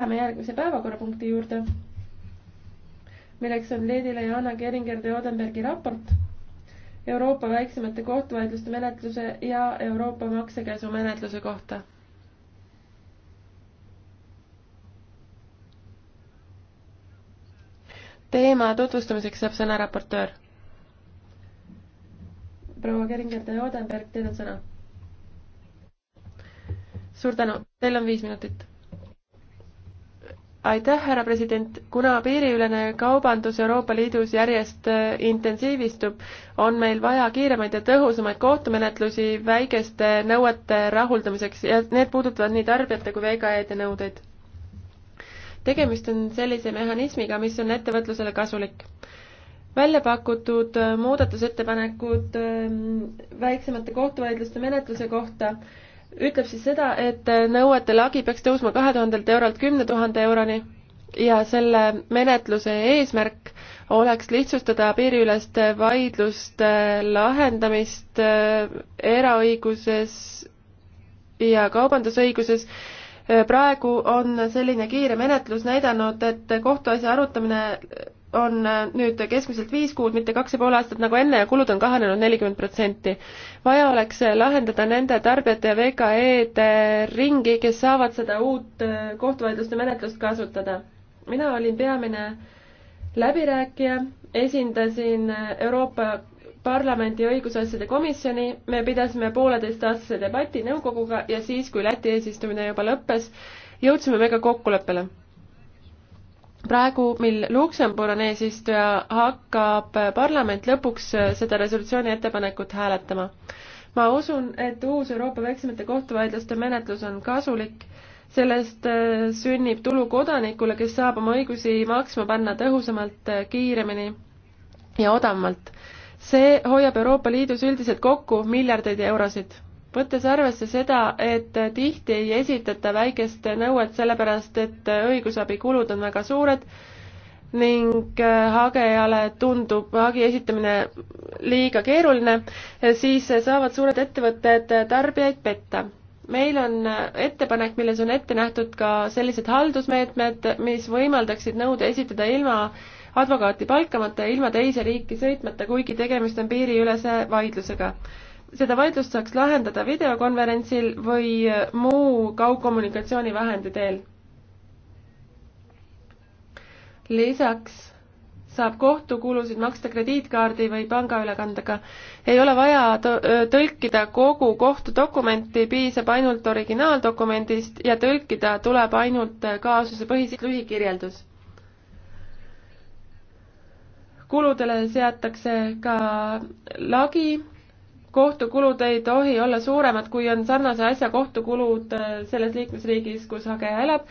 Läheme järgmise päevakorrapunkti juurde, milleks on Leedile ja Anna Keringer de Odenbergi raport Euroopa väiksemate kohtuvaidluste menetluse ja Euroopa maksekäsu menetluse kohta. teema tutvustamiseks saab sõna raportöör. proua Keringer de Odenberg, teil on sõna. suur tänu, teil on viis minutit aitäh, härra president, kuna piiriülene kaubandus Euroopa Liidus järjest äh, intensiivistub, on meil vaja kiiremaid ja tõhusamaid kohtumenetlusi väikeste nõuete rahuldamiseks ja need puudutavad nii tarbijate kui VKE-de nõudeid. tegemist on sellise mehhanismiga, mis on ettevõtlusele kasulik välja pakutud äh, muudatusettepanekud ähm, väiksemate kohtuvaidluste menetluse kohta äh, ütleb siis seda, et nõuete lagi peaks tõusma kahe tuhandelt eurolt kümne tuhande euroni ja selle menetluse eesmärk oleks lihtsustada piiriüleste vaidluste lahendamist äh, eraõiguses ja kaubandusõiguses. Äh, praegu on selline kiire menetlus näidanud, et kohtuasja arutamine on äh, nüüd keskmiselt viis kuud, mitte kaks ja pool aastat nagu enne ja kulud on kahanenud nelikümmend protsenti. vaja oleks äh, lahendada nende tarbijate ja VKE-de ringi, kes saavad seda uut äh, kohtuvaidluste menetlust kasutada. mina olin peamine läbirääkija, esindasin Euroopa Parlamendi õigusasjade komisjoni, me pidasime pooleteistaastase debati nõukoguga ja siis, kui Läti eesistumine juba lõppes, jõudsime me ka kokkuleppele praegu, mil Luksemburg on eesistuja, hakkab parlament lõpuks seda resolutsiooni ettepanekut hääletama. ma usun, et uus Euroopa väiksemate kohtuvaidluste menetlus on kasulik, sellest äh, sünnib tulu kodanikule, kes saab oma õigusi maksma panna tõhusamalt, äh, kiiremini ja odavamalt. see hoiab Euroopa Liidus üldiselt kokku miljardeid eurosid võttes arvesse seda, et tihti ei esitata väikest nõuet sellepärast, et õigusabikulud on väga suured ning äh, hagejale tundub hagi esitamine liiga keeruline, äh, siis saavad suured ettevõtted tarbijaid petta. meil on äh, ettepanek, milles on ette nähtud ka sellised haldusmeetmed, mis võimaldaksid nõude esitada ilma advokaati palkamata ja ilma teise riiki sõitmata, kuigi tegemist on piiriülese vaidlusega seda vaidlust saaks lahendada videokonverentsil või muu kaugkommunikatsioonivahendi teel. lisaks saab kohtukulusid maksta krediitkaardi või pangaülekandega. ei ole vaja tõlkida kogu kohtudokumenti, piisab ainult originaaldokumendist ja tõlkida tuleb ainult kaasuse põhis- lühikirjeldus kuludele seatakse ka lagi kohtukulud ei tohi olla suuremad, kui on sarnase asja kohtukulud äh, selles liikmesriigis, kus hageja elab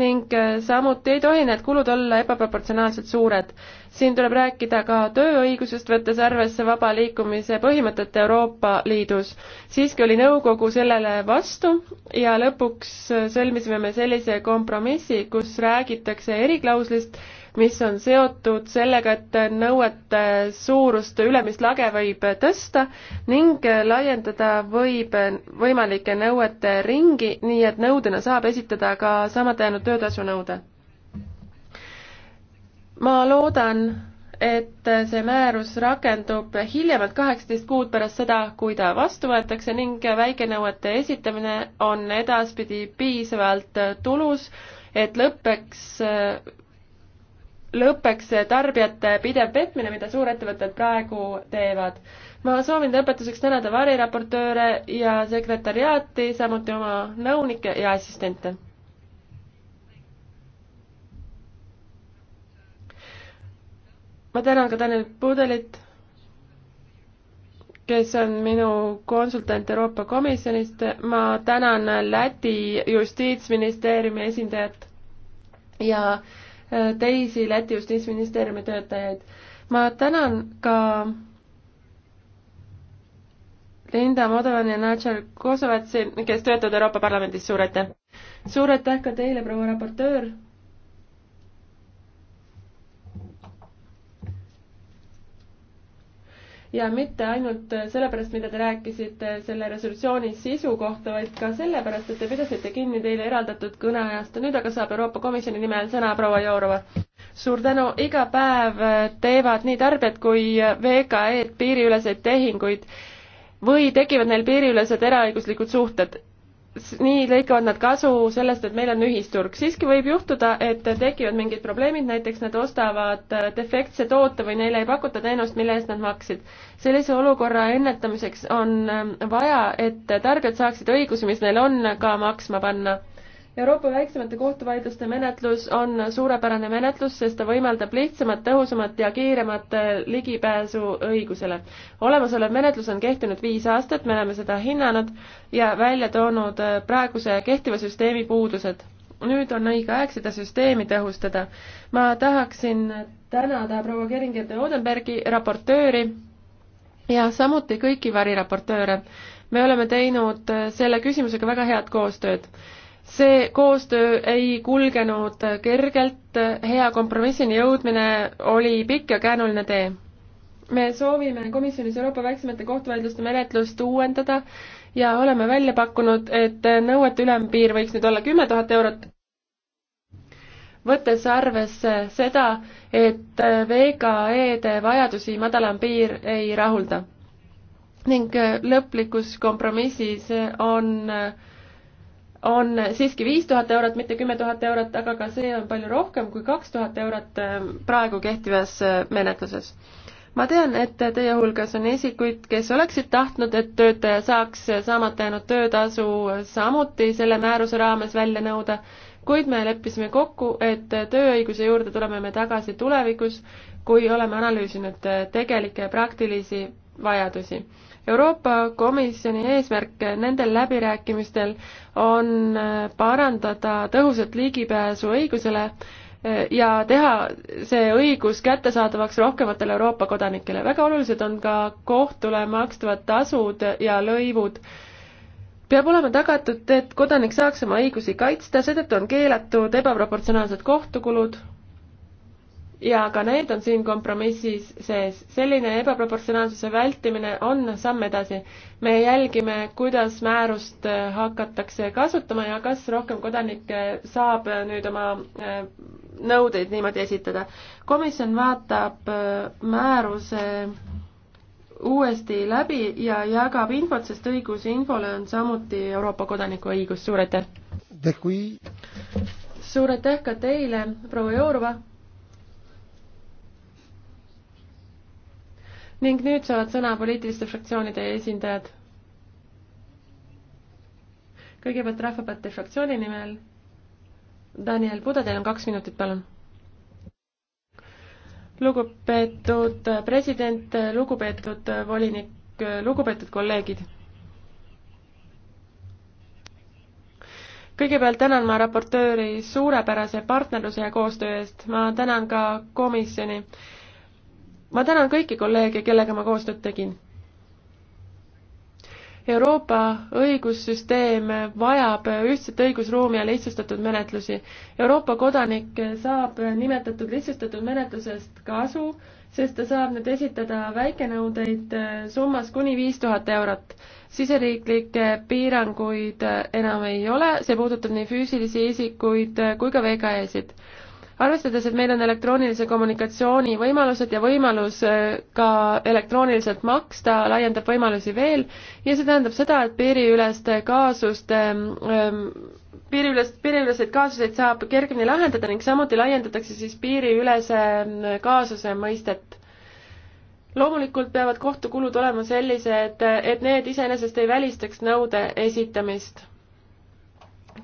ning äh, samuti ei tohi need kulud olla ebaproportsionaalselt suured. siin tuleb rääkida ka tööõigusest, võttes arvesse vaba liikumise põhimõtet Euroopa Liidus. siiski oli nõukogu sellele vastu ja lõpuks äh, sõlmisime me sellise kompromissi, kus räägitakse eriklauslist, mis on seotud sellega, et nõuete suurust ülemist lage võib tõsta ning laiendada võib võimalike nõuete ringi, nii et nõudena saab esitada ka samade jäänud töötasu nõude. ma loodan, et see määrus rakendub hiljemalt kaheksateist kuud pärast seda, kui ta vastu võetakse ning väikenõuete esitamine on edaspidi piisavalt tulus, et lõpeks lõpeks tarbijate pidev petmine, mida suurettevõtted praegu teevad. ma soovin lõpetuseks tänada variraportööre ja sekretariaati, samuti oma nõunikke ja assistente. ma tänan ka Tanel Pudelit, kes on minu konsultant Euroopa Komisjonist, ma tänan Läti justiitsministeeriumi esindajat ja äh, teisi Läti justiitsministeeriumi töötajaid. ma tänan ka Linda Modovan ja Nadja Kosovatsi, kes töötavad Euroopa Parlamendis, suur aitäh! suur aitäh ka teile, proua raportöör! ja mitte ainult sellepärast, mida te rääkisite selle resolutsiooni sisu kohta, vaid ka sellepärast, et te pidasite kinni teile eraldatud kõneajast. nüüd aga saab Euroopa Komisjoni nimel sõna proua Jourova. suur tänu, iga päev teevad nii tarbijad kui VKE-d piiriüleseid tehinguid või tekivad neil piiriülesed eraõiguslikud suhted nii lõikavad nad kasu sellest, et meil on ühisturg. siiski võib juhtuda, et tekivad mingid probleemid, näiteks nad ostavad äh, defektse toote või neile ei pakuta teenust, mille eest nad maksid. sellise olukorra ennetamiseks on ähm, vaja, et tarbijad saaksid õigusi, mis neil on, ka maksma panna Euroopa väiksemate kohtuvaidluste menetlus on suurepärane menetlus, sest ta võimaldab lihtsamat, tõhusamat ja kiiremat äh, ligipääsu õigusele. olemasolev menetlus on kehtinud viis aastat, me oleme seda hinnanud ja välja toonud äh, praeguse kehtiva süsteemi puudused. nüüd on õige aeg seda süsteemi tõhustada. ma tahaksin tänada proua Keringer de Odenbergi raportööri ja samuti kõiki variraportööre. me oleme teinud äh, selle küsimusega väga head koostööd see koostöö ei kulgenud kergelt, hea kompromissini jõudmine oli pikk ja käänuline tee. me soovime komisjonis Euroopa väiksemate kohtuvaidluste menetlust uuendada ja oleme välja pakkunud, et nõuete ülempiir võiks nüüd olla kümme tuhat eurot, võttes arvesse seda, et VKE-de vajadusi madalam piir ei rahulda. ning lõplikus kompromissis on äh, on siiski viis tuhat eurot, mitte kümme tuhat eurot, aga ka see on palju rohkem kui kaks tuhat eurot ähm, praegu kehtivas äh, menetluses. ma tean, et teie hulgas on isikuid, kes oleksid tahtnud, et töötaja saaks saamata jäänud töötasu samuti selle määruse raames välja nõuda, kuid me leppisime kokku, et tööõiguse juurde tuleme me tagasi tulevikus, kui oleme analüüsinud äh, tegelikke praktilisi vajadusi Euroopa Komisjoni eesmärk nendel läbirääkimistel on äh, parandada tõhusat ligipääsu õigusele äh, ja teha see õigus kättesaadavaks rohkematele Euroopa kodanikele. väga olulised on ka kohtule makstavad tasud ja lõivud peab olema tagatud, et kodanik saaks oma õigusi kaitsta, seetõttu on keelatud ebaproportsionaalsed kohtukulud, ja ka need on siin kompromissis sees. selline ebaproportsionaalsuse vältimine on samm edasi. me jälgime, kuidas määrust äh, hakatakse kasutama ja kas rohkem kodanikke saab äh, nüüd oma äh, nõudeid niimoodi esitada. komisjon vaatab määruse uuesti läbi ja jagab infot, sest õigus infole on samuti Euroopa kodaniku õigus. suur aitäh! suur aitäh ka teile, proua Jourova! ning nüüd saavad sõna poliitiliste fraktsioonide esindajad. kõigepealt Rahvapartei fraktsiooni nimel Daniel Puda, teil on kaks minutit, palun lugupeetud president, lugupeetud volinik, lugupeetud kolleegid. kõigepealt tänan ma raportööri suurepärase partnerluse ja koostöö eest, ma tänan ka komisjoni ma tänan kõiki kolleege, kellega ma koostööd tegin. Euroopa õigussüsteem vajab ühtset õigusruumi ja lihtsustatud menetlusi. Euroopa kodanik saab nimetatud lihtsustatud menetlusest kasu, sest ta saab nüüd esitada väikenõudeid summas kuni viis tuhat eurot. siseriiklikke piiranguid enam ei ole, see puudutab nii füüsilisi isikuid kui ka VKE-sid arvestades, et meil on elektroonilise kommunikatsiooni võimalused ja võimalus äh, ka elektrooniliselt maksta laiendab võimalusi veel ja see tähendab seda, et piiriüleste kaasuste ähm, piiriülest, piiriüleseid kaasuseid saab kergemini lahendada ning samuti laiendatakse siis piiriülese ähm, kaasuse mõistet loomulikult peavad kohtukulud olema sellised, et need iseenesest ei välistaks nõude esitamist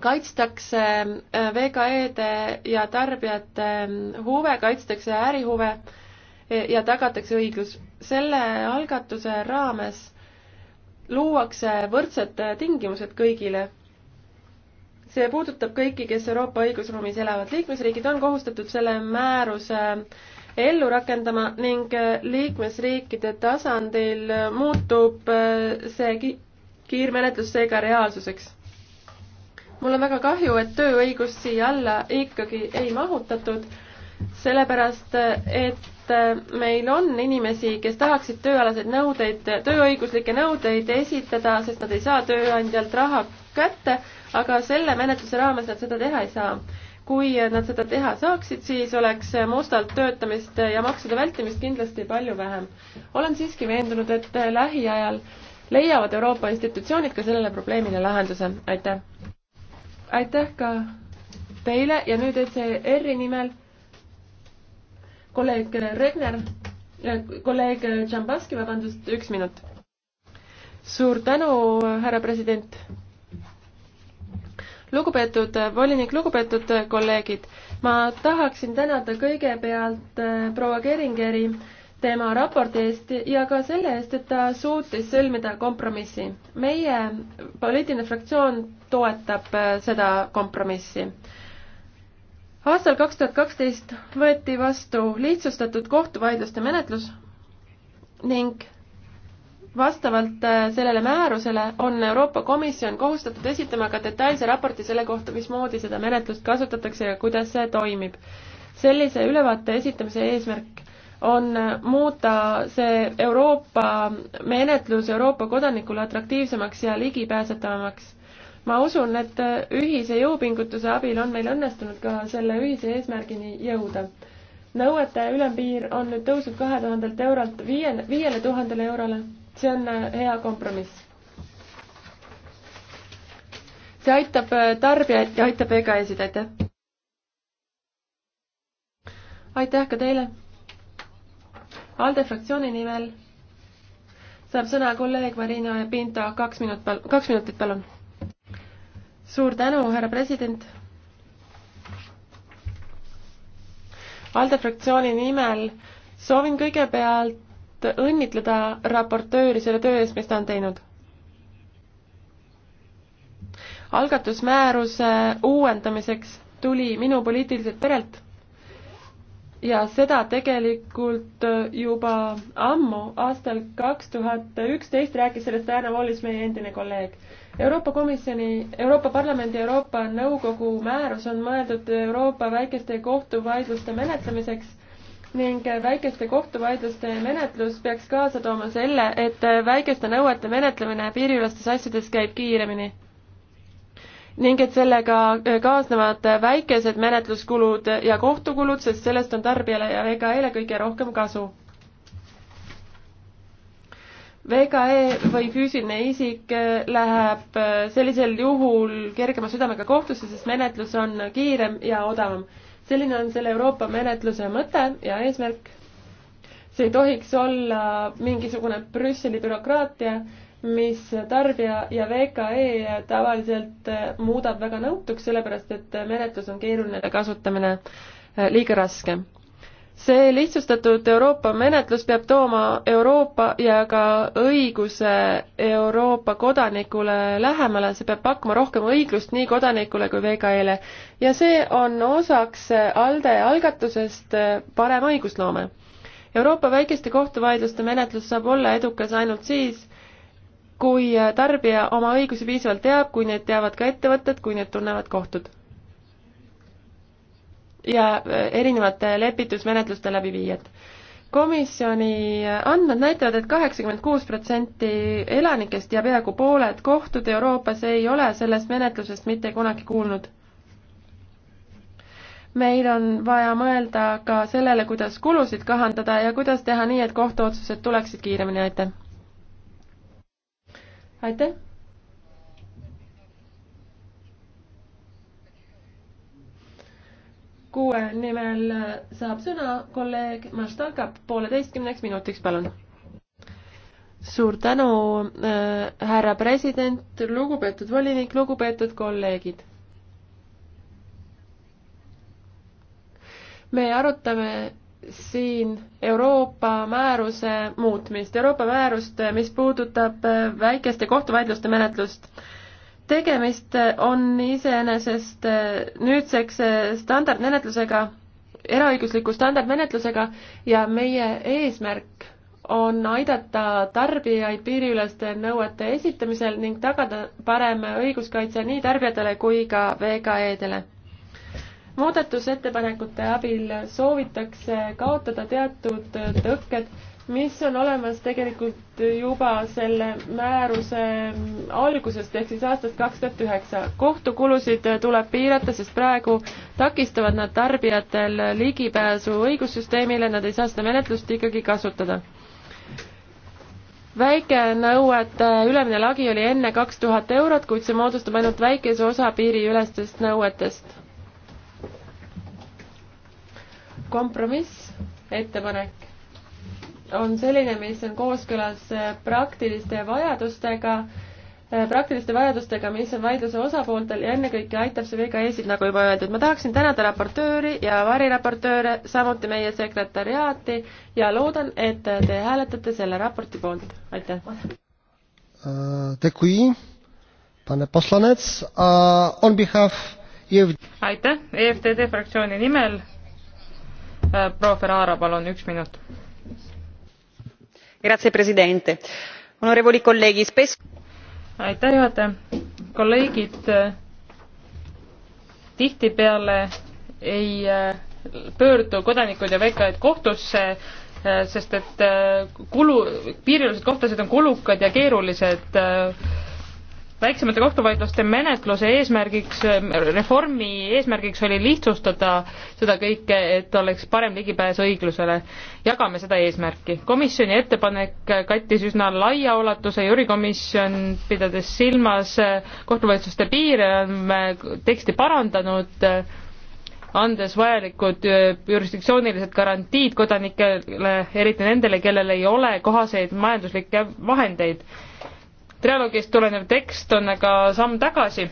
kaitstakse äh, VKE-de ja tarbijate äh, huve, kaitstakse ärihuve äh, ja tagatakse õiglus. selle algatuse raames luuakse võrdsed tingimused kõigile. see puudutab kõiki, kes Euroopa õigusruumis elavad. liikmesriigid on kohustatud selle määruse ellu rakendama ning liikmesriikide tasandil muutub see kiirmenetlus seega reaalsuseks mul on väga kahju, et tööõigust siia alla ikkagi ei mahutatud, sellepärast et meil on inimesi, kes tahaksid tööalaseid nõudeid, tööõiguslikke nõudeid esitada, sest nad ei saa tööandjalt raha kätte, aga selle menetluse raames nad seda teha ei saa. kui nad seda teha saaksid, siis oleks mustalt töötamist ja maksude vältimist kindlasti palju vähem. olen siiski veendunud, et lähiajal leiavad Euroopa institutsioonid ka sellele probleemile lahenduse. aitäh! aitäh ka teile ja nüüd ECR-i nimel kolleeg Regner, äh, kolleeg Džambaski, vabandust, üks minut. suur tänu, härra president. lugupeetud volinik, lugupeetud kolleegid, ma tahaksin tänada kõigepealt äh, proua Keringeri äh, tema raporti eest ja ka selle eest, et ta suutis sõlmida kompromissi. meie poliitiline fraktsioon toetab äh, seda kompromissi. aastal kaks tuhat kaksteist võeti vastu lihtsustatud kohtuvaidluste menetlus ning vastavalt äh, sellele määrusele on Euroopa Komisjon kohustatud esitama ka detailse raporti selle kohta, mismoodi seda menetlust kasutatakse ja kuidas see toimib. sellise ülevaate esitamise eesmärk on muuta see Euroopa menetlus Euroopa kodanikule atraktiivsemaks ja ligipääsetavamaks. ma usun, et ühise jõupingutuse abil on meil õnnestunud ka selle ühise eesmärgini jõuda. nõuete ülempiir on nüüd tõusnud kahe tuhandelt eurolt viie, viiele tuhandele eurole. see on hea kompromiss. see aitab tarbijaid ja aitab EKS-id, aitäh! aitäh ka teile! ALDE fraktsiooni nimel saab sõna kolleeg Marina Pinto, kaks minut, kaks minutit, palun. suur tänu, härra president. ALDE fraktsiooni nimel soovin kõigepealt õnnitleda raportööri selle töö eest, mis ta on teinud algatusmääruse uuendamiseks tuli minu poliitiliselt perelt ja seda tegelikult äh, juba ammu, aastal kaks tuhat üksteist rääkis sellest Diana Wallis, meie endine kolleeg. Euroopa Komisjoni, Euroopa Parlamendi, Euroopa Nõukogu määrus on mõeldud Euroopa väikeste kohtuvaidluste menetlemiseks ning väikeste kohtuvaidluste menetlus peaks kaasa tooma selle, et väikeste nõuete menetlemine piiriülestes asjades käib kiiremini ning et sellega äh, kaasnevad väikesed menetluskulud ja kohtukulud, sest sellest on tarbijale ja VKE-le kõige rohkem kasu. VKE või füüsiline isik äh, läheb äh, sellisel juhul kergema südamega kohtusse, sest menetlus on kiirem ja odavam. selline on selle Euroopa menetluse mõte ja eesmärk. see ei tohiks olla mingisugune Brüsseli bürokraatia mis tarbija ja VKE tavaliselt eh, muudab väga nõutuks, sellepärast et eh, menetlus on keeruline ja kasutamine eh, liiga raske. see lihtsustatud Euroopa menetlus peab tooma Euroopa ja ka õiguse Euroopa kodanikule lähemale, see peab pakkuma rohkem õiglust nii kodanikule kui VKE-le. ja see on osaks ALDE algatusest parem õigusloome Euroopa väikeste kohtuvaidluste menetlus saab olla edukas ainult siis, kui tarbija oma õigusi piisavalt teab, kui neid teavad ka ettevõtted, kui neid tunnevad kohtud. ja äh, erinevate lepitusmenetluste läbiviijad. komisjoni andmed näitavad et, et kaheksakümmend kuus protsenti elanikest ja peaaegu pooled kohtud Euroopas ei ole sellest menetlusest mitte kunagi kuulnud meil on vaja mõelda ka sellele, kuidas kulusid kahandada ja kuidas teha nii, et kohtuotsused tuleksid kiiremini, aitäh! aitäh. kuue nimel saab sõna kolleeg Maštanka pooleteistkümneks minutiks, palun. suur tänu äh,, härra president, lugupeetud volinik, lugupeetud kolleegid me arutame siin Euroopa määruse muutmist, Euroopa määrust, mis puudutab äh, väikeste kohtuvaidluste menetlust. tegemist on iseenesest äh, nüüdseks äh, standardmenetlusega, eraõigusliku standardmenetlusega ja meie eesmärk on aidata tarbijaid piiriüleste nõuete esitamisel ning tagada parem õiguskaitse nii tarbijatele kui ka VKE-dele muudatusettepanekute abil soovitakse kaotada teatud tõkked, mis on olemas tegelikult juba selle määruse algusest ehk siis aastast kaks tuhat üheksa. kohtukulusid tuleb piirata, sest praegu takistavad nad tarbijatel ligipääsu õigussüsteemile, nad ei saa seda menetlust ikkagi kasutada väike nõuete ülemine lagi oli enne kaks tuhat eurot, kuid see moodustab ainult väikese osa piiriülestest nõuetest kompromiss, ettepanek on selline, mis on kooskõlas äh, praktiliste vajadustega, äh, praktiliste vajadustega, mis on vaidluse osapooltel ja ennekõike aitab see VKE-sid, nagu juba öeldud. ma tahaksin tänada raportööri ja variraportööre, samuti meie sekretariaati ja loodan, et te hääletate selle raporti poolt. aitäh! Äh, e aitäh, EFTD fraktsiooni nimel Eh, proua ferrara palun üks minut. aitäh juhataja kolleegid eh, tihtipeale ei eh, pöördu kodanikud ja VKE-d kohtusse sest et kulu piiriülesed kohtuasjad on kulukad ja keerulised väiksemate kohtuvaidluste menetluse eesmärgiks, reformi eesmärgiks oli lihtsustada seda kõike, et oleks parem ligipääs õiglusele. jagame seda eesmärki. komisjoni ettepanek kattis üsna laia ulatuse, juurikomisjon, pidades silmas kohtuvaidluste piire, on teksti parandanud, andes vajalikud jurisdiktsioonilised garantiid kodanikele, eriti nendele, kellel ei ole kohaseid majanduslikke vahendeid trialoogist tulenev tekst on aga samm tagasi.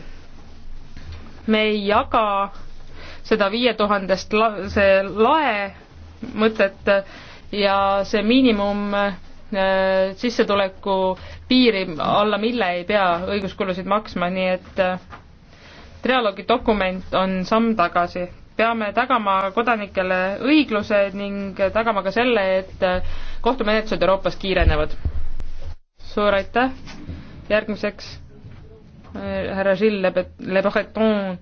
me ei jaga seda viie tuhandest la-, see lae mõtet ja see miinimum äh, sissetuleku piiri, alla mille ei pea õiguskulusid maksma, nii et äh, trialoogi dokument on samm tagasi. peame tagama kodanikele õigluse ning tagama ka selle, et äh, kohtumenetlused Euroopas kiirenevad suur aitäh, järgmiseks äh, härra Gilles Le-, Le Breton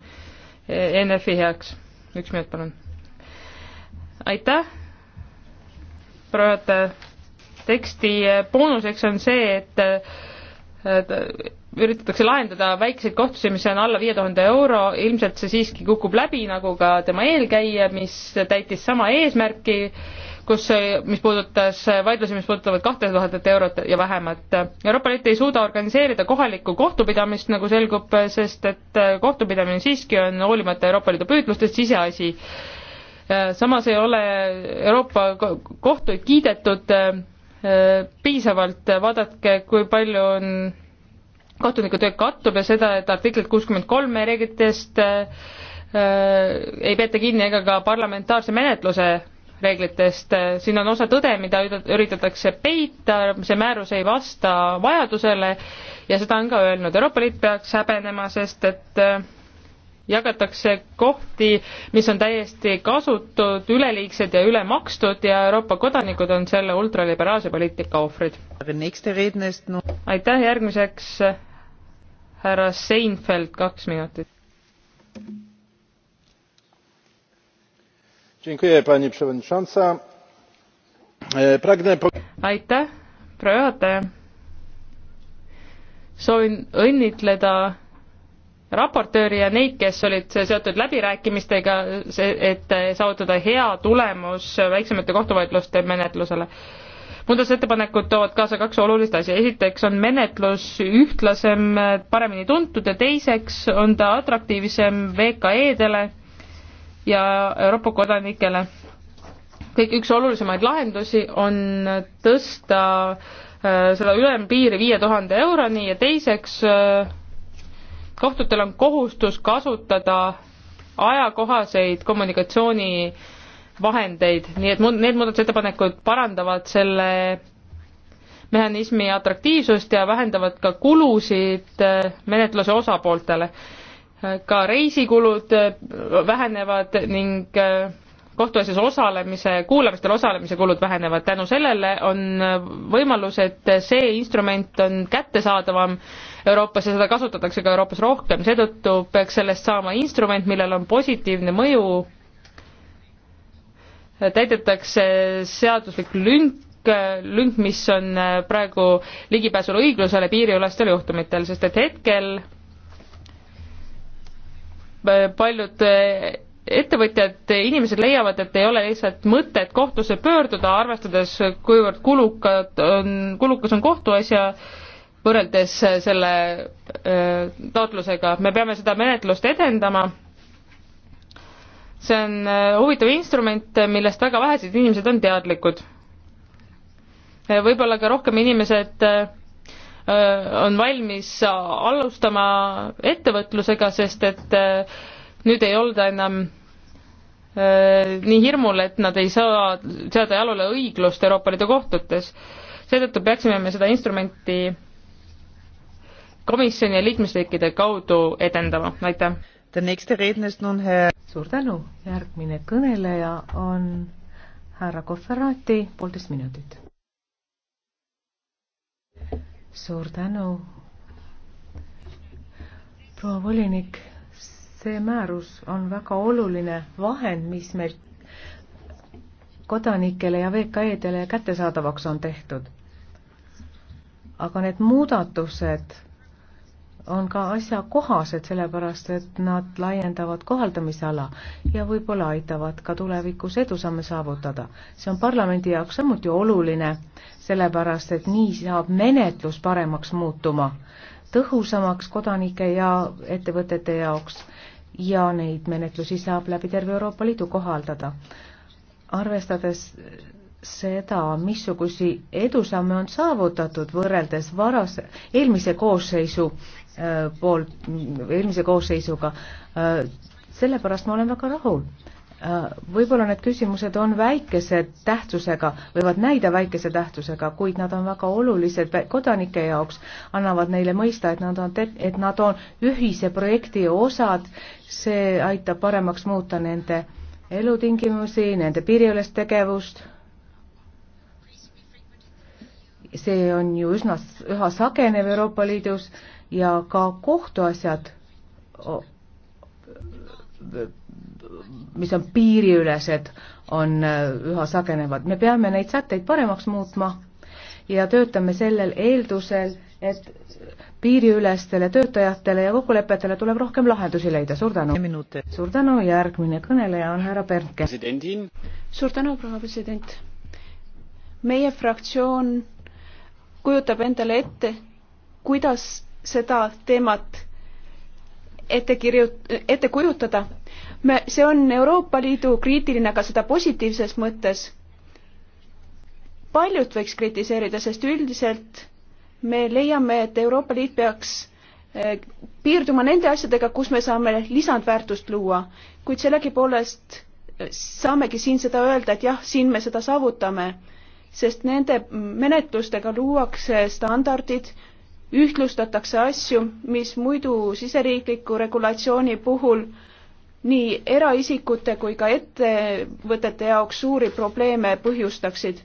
äh, NF-i heaks, üks minut palun. aitäh, proua juhataja, teksti äh, boonuseks on see, et üritatakse lahendada väikseid kohtusi, mis on alla viie tuhande euro, ilmselt see siiski kukub läbi, nagu ka tema eelkäija, mis täitis sama eesmärki kus, mis puudutas vaidlusi, mis puudutavad kahte tuhandet eurot ja vähemat. Euroopa Liit ei suuda organiseerida kohalikku kohtupidamist, nagu selgub, sest et kohtupidamine siiski on hoolimata Euroopa Liidu püüdlustest siseasi. samas ei ole Euroopa kohtuid kiidetud piisavalt, vaadake, kui palju on kohtuniku töö kattub ja seda, et artiklit kuuskümmend kolm reeglitest äh, ei peeta kinni ega ka parlamentaarse menetluse reeglitest, siin on osa tõde, mida üritatakse peita, see määrus ei vasta vajadusele ja seda on ka öelnud, Euroopa Liit peaks häbenema, sest et äh, jagatakse kohti, mis on täiesti kasutud, üleliigsed ja ülemakstud ja Euroopa kodanikud on selle ultraliberaalse poliitika ohvrid. aitäh, järgmiseks äh, härra Seinfeld, kaks minutit E, aitäh proua juhataja soovin õnnitleda raportööri ja neid kes olid seotud läbirääkimistega see et saavutada hea tulemus väiksemate kohtuvaidluste menetlusele muudatusettepanekud toovad kaasa kaks olulist asja esiteks on menetlus ühtlasem paremini tuntud ja teiseks on ta atraktiivsem VKE-dele ja Euroopa kodanikele. kõik üks olulisemaid lahendusi on tõsta äh, seda ülempiiri viie tuhande euroni ja teiseks äh, kohtutel on kohustus kasutada ajakohaseid kommunikatsioonivahendeid, nii et need muudatusettepanekud parandavad selle mehhanismi atraktiivsust ja vähendavad ka kulusid äh, menetluse osapooltele ka reisikulud äh, vähenevad ning äh, kohtuasjas osalemise, kuulamistel osalemise kulud vähenevad. tänu sellele on äh, võimalus, et see instrument on kättesaadavam Euroopas ja seda kasutatakse ka Euroopas rohkem, seetõttu peaks sellest saama instrument, millel on positiivne mõju, täidetakse seaduslik lünk, lünk, mis on praegu ligipääsul õiglusele piiriülestel juhtumitel, sest et hetkel paljud eh, ettevõtjad, inimesed leiavad, et ei ole lihtsalt mõtet kohtusse pöörduda, arvestades, kuivõrd kulukad on, kulukas on kohtuasja võrreldes selle eh, taotlusega, me peame seda menetlust edendama. see on eh, huvitav instrument, millest väga vähesed inimesed on teadlikud. võib-olla ka rohkem inimesed Äh, on valmis alustama ettevõtlusega, sest et äh, nüüd ei olda enam äh, nii hirmul, et nad ei saa seada jalule õiglust Euroopa Liidu kohtutes. seetõttu peaksime me seda instrumenti komisjoni ja liikmesriikide kaudu edendama, aitäh. suur tänu, järgmine kõneleja on härra Kohverati, poolteist minutit suur tänu. proua volinik, see määrus on väga oluline vahend, mis meil kodanikele ja VKE-dele kättesaadavaks on tehtud. aga need muudatused on ka asjakohased, sellepärast et nad laiendavad kohaldamisala ja võib-olla aitavad ka tulevikus edusamme saavutada. see on parlamendi jaoks samuti oluline, sellepärast et nii saab menetlus paremaks muutuma, tõhusamaks kodanike ja ettevõtete jaoks ja neid menetlusi saab läbi terve Euroopa Liidu kohaldada. arvestades seda, missugusi edusamme on saavutatud võrreldes varas, eelmise koosseisu äh, poolt, eelmise koosseisuga äh,. sellepärast ma olen väga rahul äh,. võib-olla need küsimused on väikese tähtsusega, võivad näida väikese tähtsusega, kuid nad on väga olulised kodanike jaoks, annavad neile mõista, et nad on, et nad on ühise projekti osad, see aitab paremaks muuta nende elutingimusi, nende piiriülest tegevust see on ju üsna, üha sagenev Euroopa Liidus ja ka kohtuasjad, mis on piiriülesed, on äh, üha sagenevad. me peame neid sätteid paremaks muutma ja töötame sellel eeldusel, et piiriülestele töötajatele ja kokkulepetele tuleb rohkem lahendusi leida. suur tänu. suur tänu, järgmine kõneleja on härra Bernke. suur tänu, proua president. meie fraktsioon kujutab endale ette, kuidas seda teemat ette kirjut-, ette kujutada. me, see on Euroopa Liidu kriitiline, aga seda positiivses mõttes. paljut võiks kritiseerida, sest üldiselt me leiame, et Euroopa Liit peaks eh, piirduma nende asjadega, kus me saame lisandväärtust luua, kuid sellegipoolest eh, saamegi siin seda öelda, et jah, siin me seda saavutame sest nende menetlustega luuakse standardid, ühtlustatakse asju, mis muidu siseriikliku regulatsiooni puhul nii eraisikute kui ka ettevõtete jaoks suuri probleeme põhjustaksid.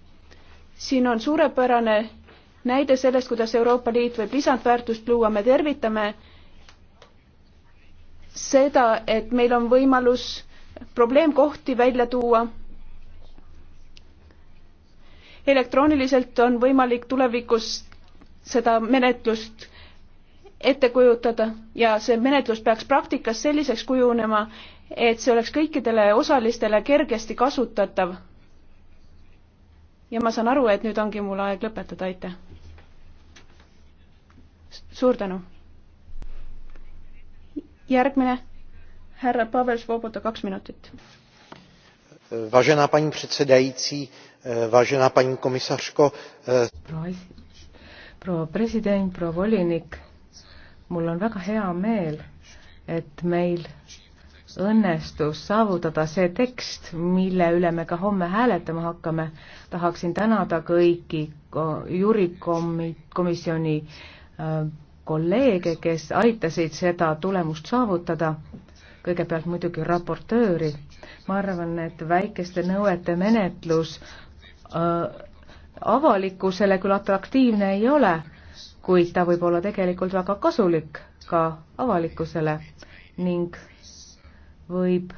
siin on suurepärane näide sellest, kuidas Euroopa Liit võib lisandväärtust luua, me tervitame seda, et meil on võimalus probleemkohti välja tuua elektrooniliselt on võimalik tulevikus seda menetlust ette kujutada ja see menetlus peaks praktikas selliseks kujunema, et see oleks kõikidele osalistele kergesti kasutatav. ja ma saan aru, et nüüd ongi mul aeg lõpetada, aitäh. suur tänu. järgmine, härra Pavel Svoboda, kaks minutit Eh, vážená paní předsedající eh, vážená paní komisařko eh, proua president proua volinik mul on väga hea meel et meil õnnestus saavutada see tekst mille üle me ka homme hääletama hakkame tahaksin tänada kõiki juri komisjoni äh, kolleege kes aitasid seda tulemust saavutada kõigepealt muidugi raportööri. ma arvan, et väikeste nõuete menetlus äh, avalikkusele küll atraktiivne ei ole, kuid ta võib olla tegelikult väga kasulik ka avalikkusele ning võib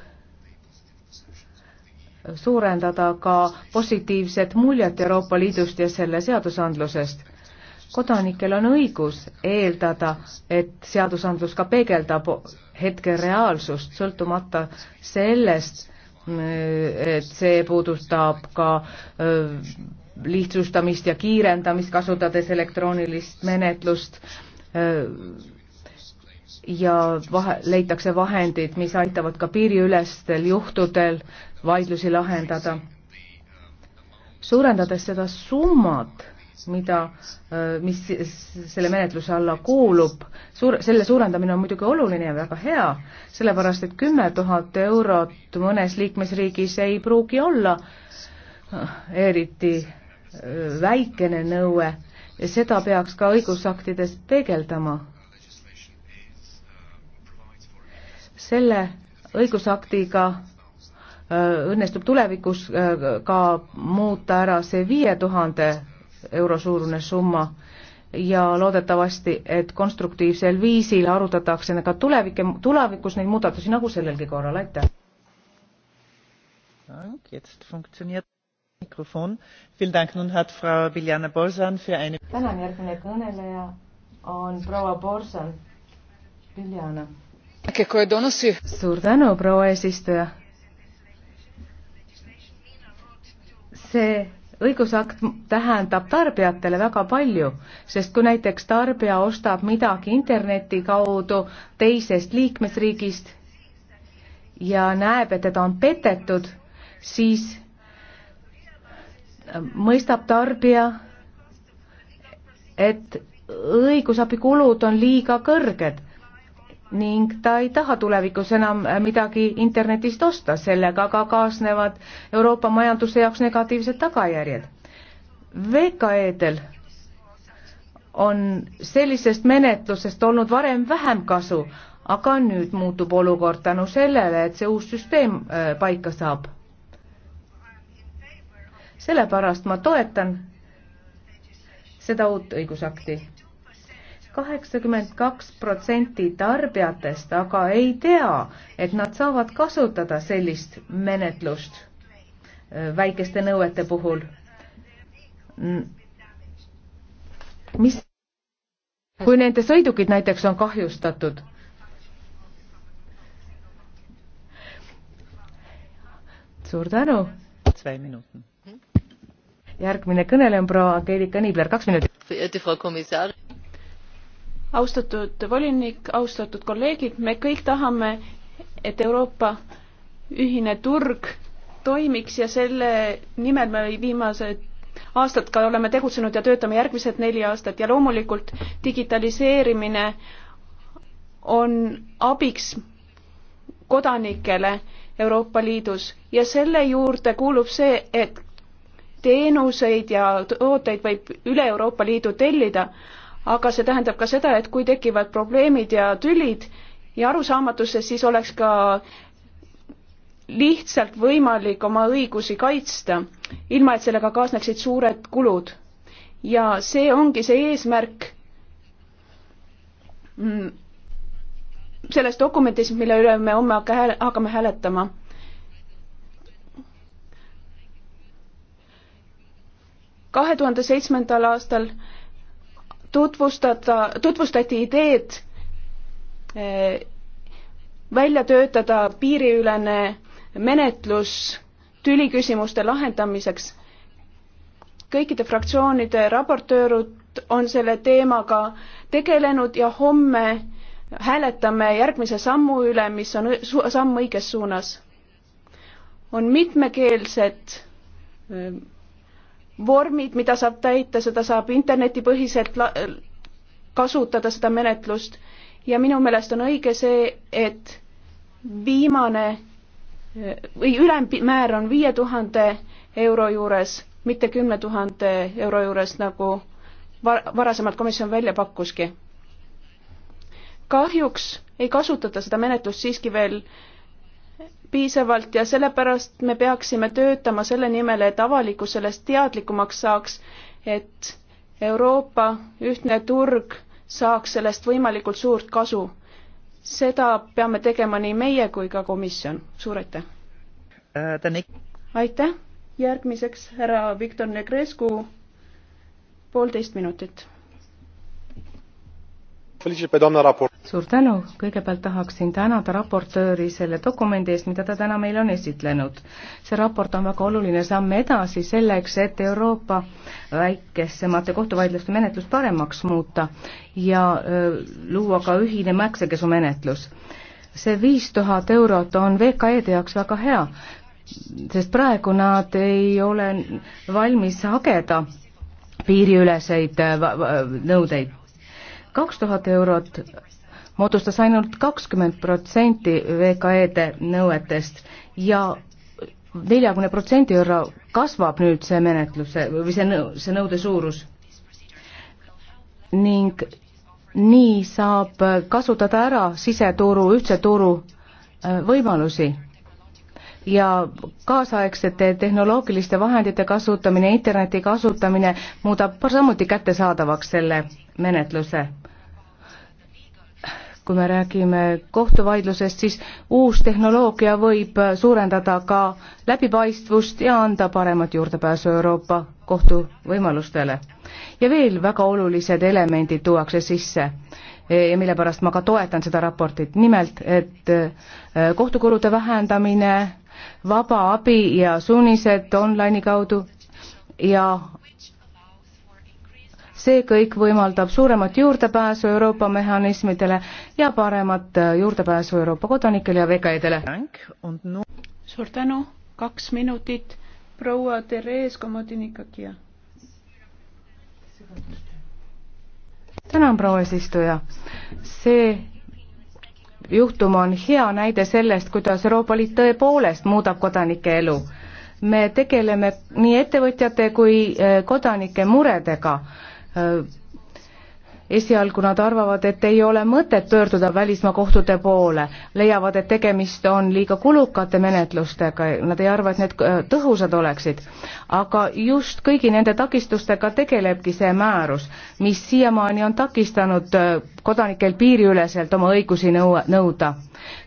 suurendada ka positiivset muljet Euroopa Liidust ja selle seadusandlusest kodanikel on õigus eeldada, et seadusandlus ka peegeldab hetke reaalsust, sõltumata sellest, et see puudutab ka lihtsustamist ja kiirendamist, kasutades elektroonilist menetlust ja vahe, leitakse vahendid, mis aitavad ka piiriülestel juhtudel vaidlusi lahendada. suurendades seda summat, mida, mis selle menetluse alla kuulub, suur, selle suurendamine on muidugi oluline ja väga hea, sellepärast et kümme tuhat eurot mõnes liikmesriigis ei pruugi olla ah, eriti äh, väikene nõue ja seda peaks ka õigusaktides peegeldama. selle õigusaktiga äh, õnnestub tulevikus äh, ka muuta ära see viie tuhande euro suurune summa ja loodetavasti, et konstruktiivsel viisil arutatakse ka tulevike, tulevikus neid muudatusi, nagu sellelgi korral, aitäh. tänan, järgmine kõneleja on proua Borsan, Biljana. suur tänu, proua eesistuja. see õigusakt tähendab tarbijatele väga palju, sest kui näiteks tarbija ostab midagi interneti kaudu teisest liikmesriigist ja näeb, et teda on petetud, siis mõistab tarbija, et õigusabikulud on liiga kõrged ning ta ei taha tulevikus enam äh, midagi internetist osta, sellega aga kaasnevad Euroopa majanduse jaoks negatiivsed tagajärjed. VKE-del on sellisest menetlusest olnud varem vähem kasu, aga nüüd muutub olukord tänu sellele, et see uus süsteem äh, paika saab. sellepärast ma toetan seda uut õigusakti kaheksakümmend kaks protsenti tarbijatest aga ei tea, et nad saavad kasutada sellist menetlust äh, väikeste nõuete puhul. Mm. mis, kui nende sõidukid näiteks on kahjustatud suur tänu. järgmine kõneleja on proua Angeelika Niibler, kaks minutit austatud volinik, austatud kolleegid, me kõik tahame, et Euroopa ühine turg toimiks ja selle nimel me viimased aastad ka oleme tegutsenud ja töötame järgmised neli aastat ja loomulikult digitaliseerimine on abiks kodanikele Euroopa Liidus ja selle juurde kuulub see, et teenuseid ja tooteid võib üle Euroopa Liidu tellida, aga see tähendab ka seda, et kui tekivad probleemid ja tülid ja arusaamatused, siis oleks ka lihtsalt võimalik oma õigusi kaitsta, ilma et sellega kaasneksid suured kulud. ja see ongi see eesmärk mm, selles dokumendis, mille üle me homme hakkame hääletama kahe tuhande seitsmendal aastal tutvustada, tutvustati ideed eh, välja töötada piiriülene menetlus tüliküsimuste lahendamiseks. kõikide fraktsioonide raportöörud on selle teemaga tegelenud ja homme hääletame järgmise sammu üle, mis on samm õiges suunas. on mitmekeelsed eh, vormid, mida saab täita, seda saab internetipõhiselt kasutada, seda menetlust ja minu meelest on õige see, et viimane või ülemmäär on viie tuhande euro juures, mitte kümne tuhande euro juures, nagu var-, varasemalt komisjon välja pakkuski. kahjuks ei kasutata seda menetlust siiski veel äh, piisavalt ja sellepärast me peaksime töötama selle nimel, et avalikkus sellest teadlikumaks saaks, et Euroopa ühtne turg saaks sellest võimalikult suurt kasu. seda peame tegema nii meie kui ka komisjon. suur aitäh! aitäh! järgmiseks härra Viktor Negrescu, poolteist minutit suur tänu, kõigepealt tahaksin tänada raportööri selle dokumendi eest, mida ta täna meile on esitlenud. see raport on väga oluline samm edasi selleks, et Euroopa väikesemate kohtuvaidluste menetlust paremaks muuta ja öö, luua ka ühine märksekesumenetlus. see viis tuhat eurot on VKE-de jaoks väga hea, sest praegu nad ei ole valmis hageda piiriüleseid äh, nõudeid kaks tuhat eurot moodustas ainult kakskümmend protsenti VKE-de nõuetest ja neljakümne protsendi võrra kasvab nüüd see menetluse või see nõu-, see nõude suurus. ning nii saab kasutada ära siseturu, ühtse turu äh, võimalusi ja kaasaegsete tehnoloogiliste vahendite kasutamine, interneti kasutamine muudab samuti kättesaadavaks selle menetluse. kui me räägime kohtuvaidlusest, siis uus tehnoloogia võib suurendada ka läbipaistvust ja anda paremat juurdepääsu Euroopa kohtuvõimalustele. ja veel väga olulised elemendid tuuakse sisse ja mille pärast ma ka toetan seda raportit, nimelt et äh, kohtukulude vähendamine, vaba abi ja suunised online'i kaudu ja see kõik võimaldab suuremat juurdepääsu Euroopa mehhanismidele ja paremat äh, juurdepääsu Euroopa kodanikele ja VKE-dele. suur tänu, kaks minutit, proua Therese Komodinikakia. tänan, proua eesistuja. see juhtum on hea näide sellest, kuidas Euroopa Liit tõepoolest muudab kodanike elu. me tegeleme nii ettevõtjate kui eh, kodanike muredega eh, esialgu nad arvavad, et ei ole mõtet pöörduda välismaa kohtute poole, leiavad, et tegemist on liiga kulukate menetlustega, nad ei arva, et need äh, tõhusad oleksid. aga just kõigi nende takistustega tegelebki see määrus, mis siiamaani on takistanud äh, kodanikel piiriüleselt oma õigusi nõu-, nõuda.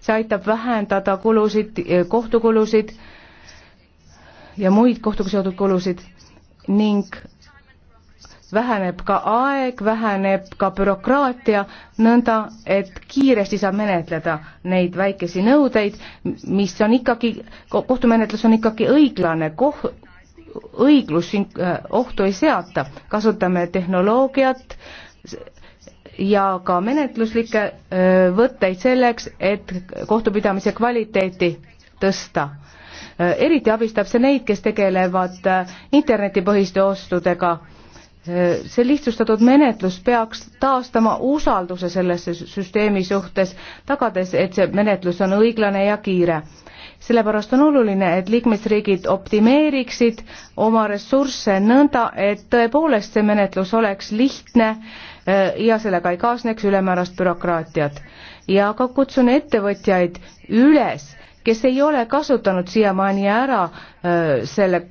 see aitab vähendada kulusid, äh, kohtukulusid ja muid kohtuga seotud kulusid ning väheneb ka aeg, väheneb ka bürokraatia, nõnda et kiiresti saab menetleda neid väikesi nõudeid, mis on ikkagi, kohtumenetlus on ikkagi õiglane, koh-, õiglus siin äh, ohtu ei seata, kasutame tehnoloogiat ja ka menetluslikke äh, võtteid selleks, et kohtupidamise kvaliteeti tõsta äh, eriti abistab see neid, kes tegelevad internetipõhiste ostudega see lihtsustatud menetlus peaks taastama usalduse sellesse süsteemi suhtes, tagades, et see menetlus on õiglane ja kiire. sellepärast on oluline, et liikmesriigid optimeeriksid oma ressursse nõnda, et tõepoolest see menetlus oleks lihtne äh, ja sellega ei kaasneks ülemäärast bürokraatiat. ja ka kutsun ettevõtjaid üles kes ei ole kasutanud siiamaani ära äh, selle äh,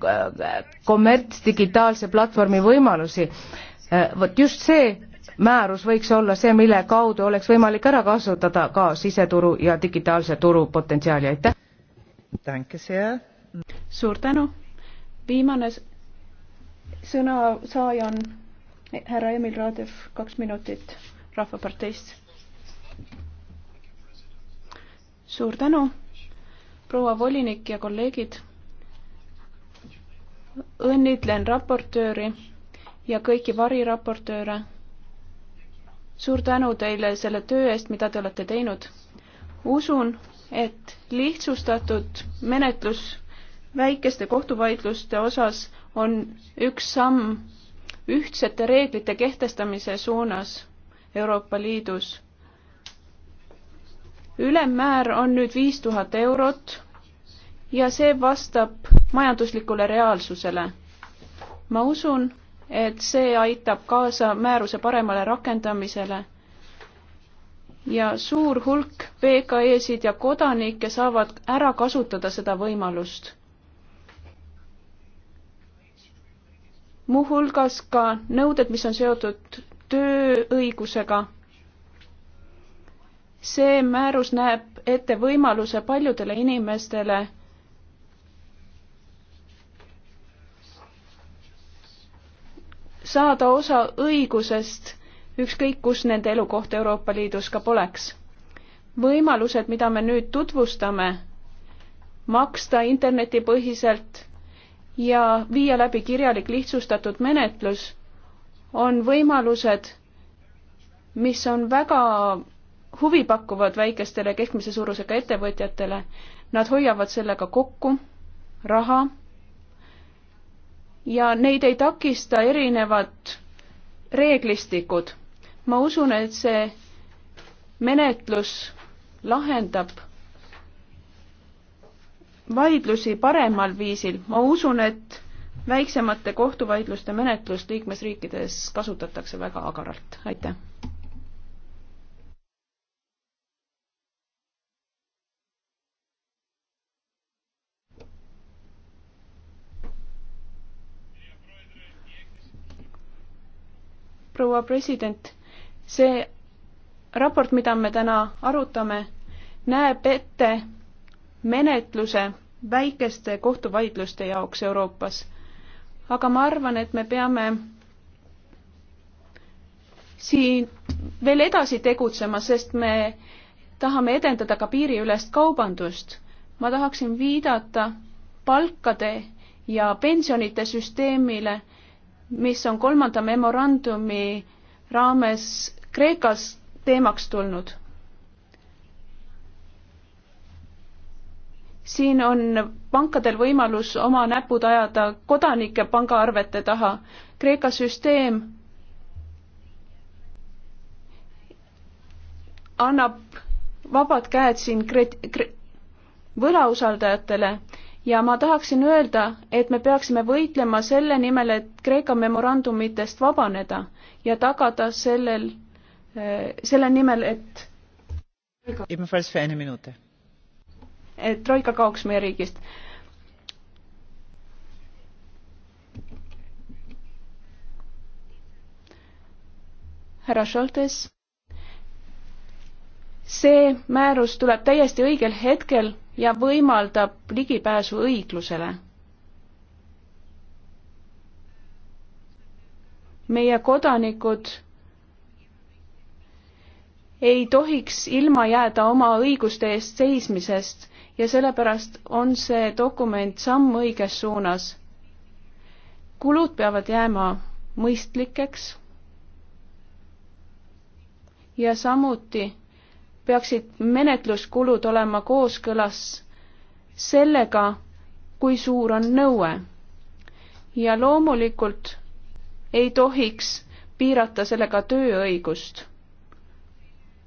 kommertsdigitaalse platvormi võimalusi. Äh, vot just see määrus võiks olla see, mille kaudu oleks võimalik ära kasutada ka siseturu ja digitaalse turu potentsiaali, aitäh! suur tänu! viimane sõnasaaja on härra Emil Raadev, kaks minutit Rahvaparteist. suur tänu! proua volinik ja kolleegid. õnnitlen raportööri ja kõiki variraportööre. suur tänu teile selle töö eest, mida te olete teinud. usun, et lihtsustatud menetlus väikeste kohtuvaidluste osas on üks samm ühtsete reeglite kehtestamise suunas Euroopa Liidus ülemmäär on nüüd viis tuhat eurot ja see vastab majanduslikule reaalsusele. ma usun, et see aitab kaasa määruse paremale rakendamisele ja suur hulk VKE-sid ja kodanikke saavad ära kasutada seda võimalust. muuhulgas ka nõuded, mis on seotud tööõigusega see määrus näeb ette võimaluse paljudele inimestele saada osa õigusest, ükskõik kus nende elukoht Euroopa Liidus ka poleks. võimalused, mida me nüüd tutvustame, maksta internetipõhiselt ja viia läbi kirjalik lihtsustatud menetlus, on võimalused, mis on väga huvi pakuvad väikestele keskmise suurusega ettevõtjatele. Nad hoiavad sellega kokku raha ja neid ei takista erinevad reeglistikud. ma usun, et see menetlus lahendab vaidlusi paremal viisil. ma usun, et väiksemate kohtuvaidluste menetlust liikmesriikides kasutatakse väga agaralt. aitäh! proua president, see raport, mida me täna arutame, näeb ette menetluse väikeste kohtuvaidluste jaoks Euroopas. aga ma arvan, et me peame siin veel edasi tegutsema, sest me tahame edendada ka piiriülest kaubandust. ma tahaksin viidata palkade ja pensionite süsteemile mis on kolmanda memorandumi raames Kreekas teemaks tulnud. siin on pankadel võimalus oma näpud ajada kodanike pangaarvete taha. Kreeka süsteem annab vabad käed siin kre-, kre-, võlausaldajatele ja ma tahaksin öelda, et me peaksime võitlema selle nimel, et Kreeka memorandumitest vabaneda ja tagada sellel, eh, selle nimel, et et troika kaoks meie riigist. härra Šoltes, see määrus tuleb täiesti õigel hetkel ja võimaldab ligipääsu õiglusele. meie kodanikud ei tohiks ilma jääda oma õiguste eest seismisest ja sellepärast on see dokument samm õiges suunas. kulud peavad jääma mõistlikeks ja samuti peaksid menetluskulud olema kooskõlas sellega, kui suur on nõue. ja loomulikult ei tohiks piirata sellega tööõigust.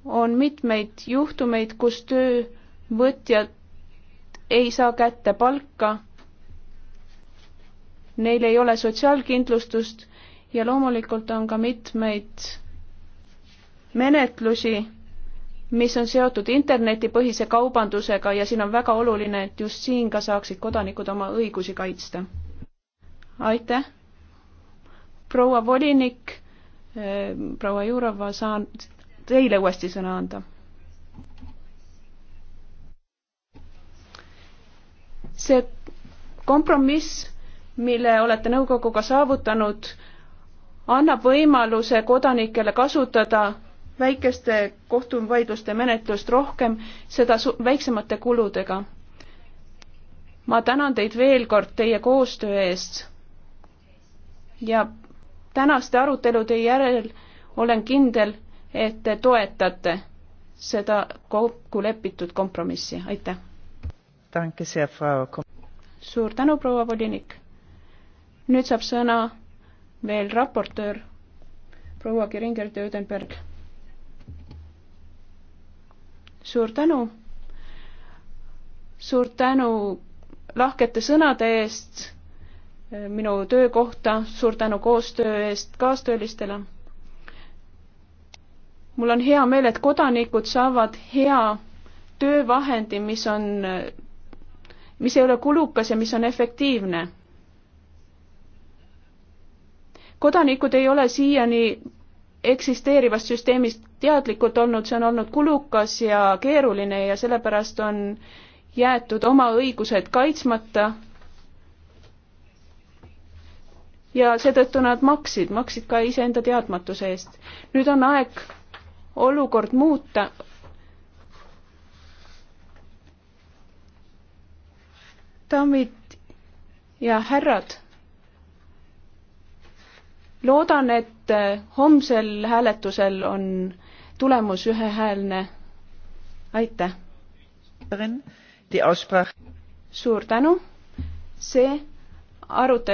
on mitmeid juhtumeid, kus töövõtjad ei saa kätte palka, neil ei ole sotsiaalkindlustust ja loomulikult on ka mitmeid menetlusi mis on seotud internetipõhise kaubandusega ja siin on väga oluline, et just siin ka saaksid kodanikud oma õigusi kaitsta. aitäh. proua volinik, eh, proua Jurova, saan teile uuesti sõna anda. see kompromiss, mille olete nõukoguga saavutanud, annab võimaluse kodanikele kasutada väikeste kohtuvaidluste menetlust rohkem, seda väiksemate kuludega. ma tänan teid veel kord teie koostöö eest ja tänaste arutelude järel olen kindel, et te toetate seda kokku lepitud kompromissi, aitäh! suur tänu, proua volinik! nüüd saab sõna veel raportöör proua Geringer-Tödenberg suur tänu. suur tänu lahkete sõnade eest eh, minu töö kohta, suur tänu koostöö eest kaastöölistele. mul on hea meel, et kodanikud saavad hea töövahendi, mis on, eh, mis ei ole kulukas ja mis on efektiivne kodanikud ei ole siiani eksisteerivast süsteemist teadlikud olnud, see on olnud kulukas ja keeruline ja sellepärast on jäetud oma õigused kaitsmata. ja seetõttu nad maksid, maksid ka iseenda teadmatuse eest. nüüd on aeg olukord muuta. daamid ja härrad loodan, et äh, homsel hääletusel on tulemus ühehäälne. aitäh! suur tänu, see arutelu